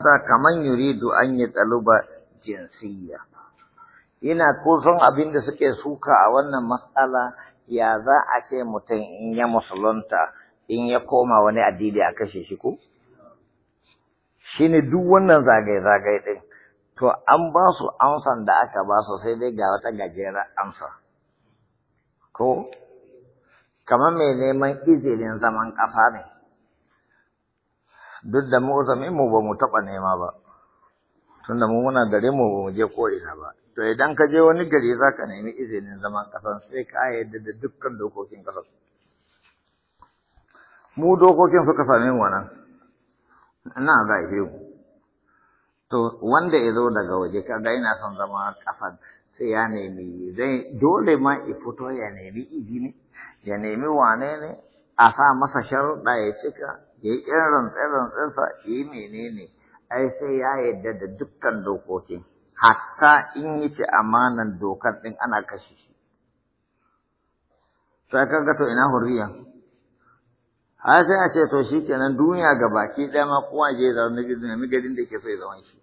sa kaman yuridu an yi tsaluba jinsiyya yana son abin da suke suka a wannan matsala ya za a ce mutum in ya musulunta in ya koma wani addini a kashe shi ko shine duk wannan zagaye-zagaye din to an ba su amsan da aka ba su sai dai ga wata gajeren amsa ko kamar mai neman izinin zaman ƙasa ne duk da mu zame mu ba mu taɓa nema ba tunda mu muna gare mu ba mu je ko'ina ba to idan ka je wani gari zaka nemi izinin zaman ƙasan sai ka yi da dukkan dokokin kasan mu dokokin suka same mu nan ina zaife mu to wanda ya zo daga waje kaga ina son zama kasan sai ya nemi zai dole ma ya fito ya nemi izini ya nemi wane ne a sa masa sharuɗa ya cika ya yi ƙin rantse ya yi menene ai sai ya yarda da dukkan dokokin hatta in yi ce amanan dokar ɗin ana kashe shi sai ka ga to ina hurriya har sai a ce to shi kenan duniya ga baki ɗaya ma kowa je ya zaune gidan na migadin da ke so ya zama shi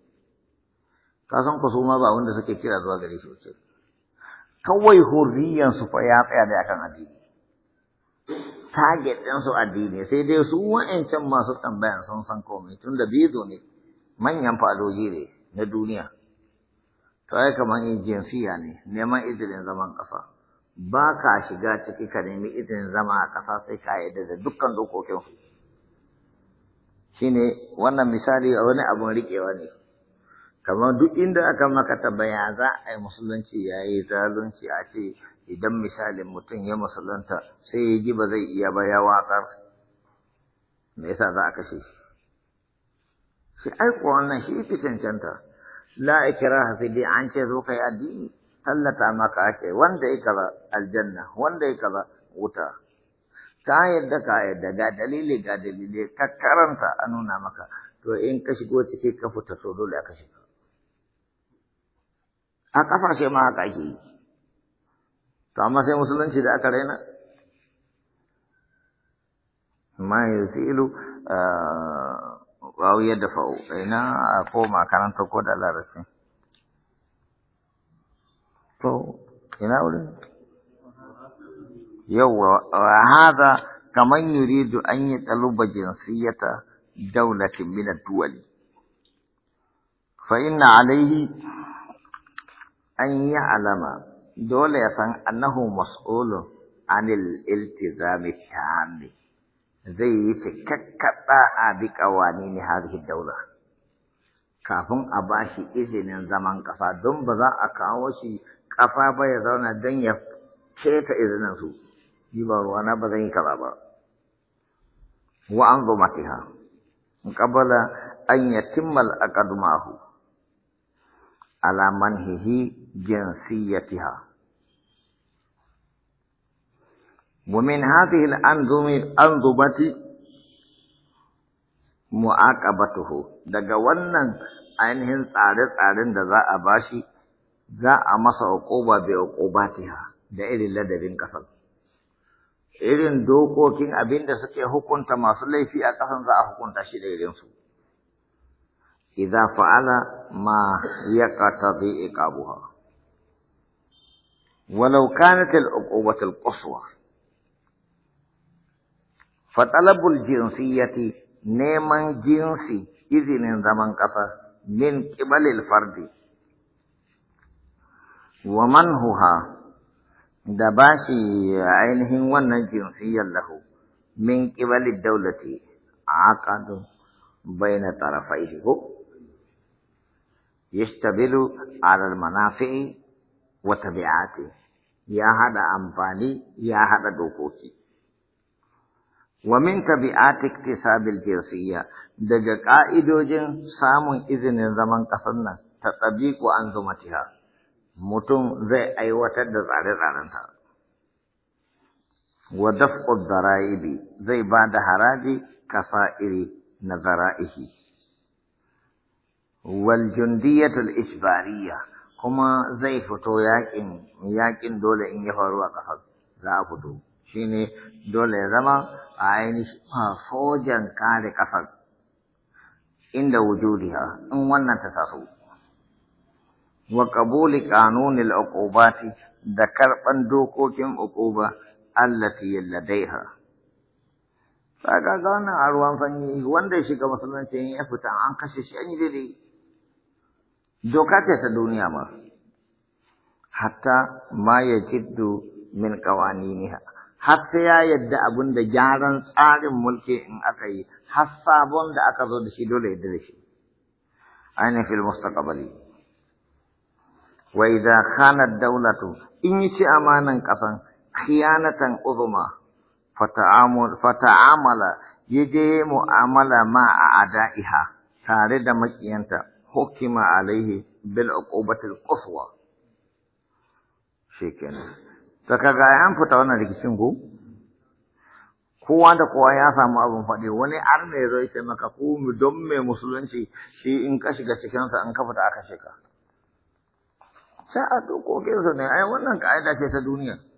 ka san ku su ma ba wanda suke kira zuwa gare shi kawai hurriyan fa ya tsaya da akan addini target ɗinsu addini sai dai su wa'ancan masu tambayan sun san komai tun da bizo ne manyan fadoji ne na duniya to ai kamar jinsiya ne neman izinin zaman ƙasa ba ka shiga ciki ka nemi izinin zama a ƙasa sai ka yi da dukkan dokokin shine wannan misali a wani abun riƙewa ne kamar duk inda aka maka tambaya za a yi musulunci ya yi zalunci a ce idan misalin mutum ya musulunta sai ya ji ba zai iya ba ya watsar me yasa za a kashe shi shi aiko wannan shi fi cancanta la ikraha fi dai an ce zo kai addini tallata maka ake wanda ya kaza aljanna wanda ya kaza wuta ta yadda ka yadda ga dalili ga dalili ka karanta a nuna maka to in ka shigo ciki ka fita so dole a kashe ka a kafashe ma haka ake yi to amma sai musulunci da aka raina ma yusilu wawu yadda fa'u ina a koma karanta ko da larabci to ina wurin yawwa hada kaman yuridu an yi taluba jinsiyata daulatin min ad-duwali fa inna alayhi an ya'lama dole ya san annahu mas'ulun anil iltizami shammi zai yi cikakkaɗa a bi kawani ne hazihi daula kafin a ba shi izinin zaman ƙasa don ba za a kawo shi ƙafa ba ya zauna don ya keta izinin su yi ba ruwana ba zan yi kaza ba wa an zo matiha qabala an yatimmal aqdamahu ala manhihi jinsiyatiha ومن هذه الأنظمة mu'aqabatuhu daga wannan ainihin tsare-tsaren da za a bashi za a masa uquba bi uqubatiha da irin ladabin ƙasar. irin dokokin abin da suke hukunta masu laifi a kasan za a hukunta shi da irin إذا فعل ما يقتضي إقابها ولو كانت العقوبة القصوى فطلب الجنسية نيما جنسي إذن زمن قصر من قبل الفرد ومن da ba shi ainihin wannan له lahu min الدولة عقد بين طرفيه bai yastabilu alal manafi'i wa tabi'ati ya hada amfani ya hada dokoki wa min tabi'ati iktisabil jinsiyya daga ka'idojin samun izinin zaman kasar nan ta tabiqu an zumatiha mutum zai aiwatar da tsare-tsarenta tsaren wa daf'u dara'ibi zai ba da haraji kasa'iri na zara'ihi والجندية الإجبارية كما زي فتو ياكين ياكين دولة إن يفروا قصد لا فتو شيني دولة زما عيني فوجا كار قصد عند وجودها إن ونن تساسو وقبول قانون العقوبات ذكر دوكوكم عقوبة التي لديها فقال أنا أروان فني وندي شيء كما سلمان شيء أفتح عن كشش أني يعني ذي doka ce ta duniya ma hatta ma ya jiddu min ha, har sai ya yadda abin da gyaran tsarin mulki in aka yi har sabon da aka zo da shi dole ya da shi ainihin fil mustaqbali wa idza khanat dawlatu in yi ci amanan kasan khiyanatan uzma fata'amul fata'amala yaje mu'amala ma a ada'iha tare da makiyanta حكم عليه بالعقوبة القصوى qaswa فكذا ينفت kaga لك fita wannan rikicin ku kowa da kowa ya samu abin faɗi wani ar ne zai ce maka ku don mai musulunci shi in ka shiga cikinsa in ka fita aka shiga sai a dokokinsa ne ai wannan ka'ida ce ta duniya